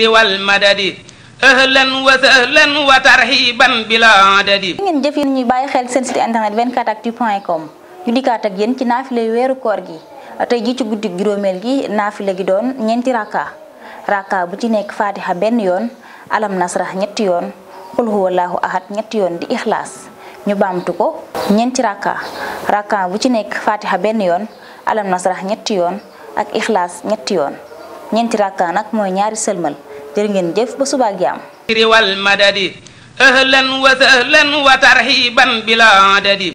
wal madadi ahlan wa sahlan wa tarhiban bila bàyyi xel seen site internet 24actu point com ñu dikkaat ak yéen ci naafila yu weeru koor gi tey ji ci guddi juróomeel gi naafila gi doon ñeenti rakka rakka bu ci nekk fatiha benn yoon alam nasrah ñetti yoon qul yoon di ixlaas ñu baamtu ko ñeenti rakka bu ci nekk fatiha benn yoon alam nasrah ñetti yoon ak ixlaas ñetti yoon ñeenti rakka nag mooy ñaari sëlmal jërë ngeen jëf ba subaak jaam riwal madadi ahlan wa sahlan wa tarhiban bila adadi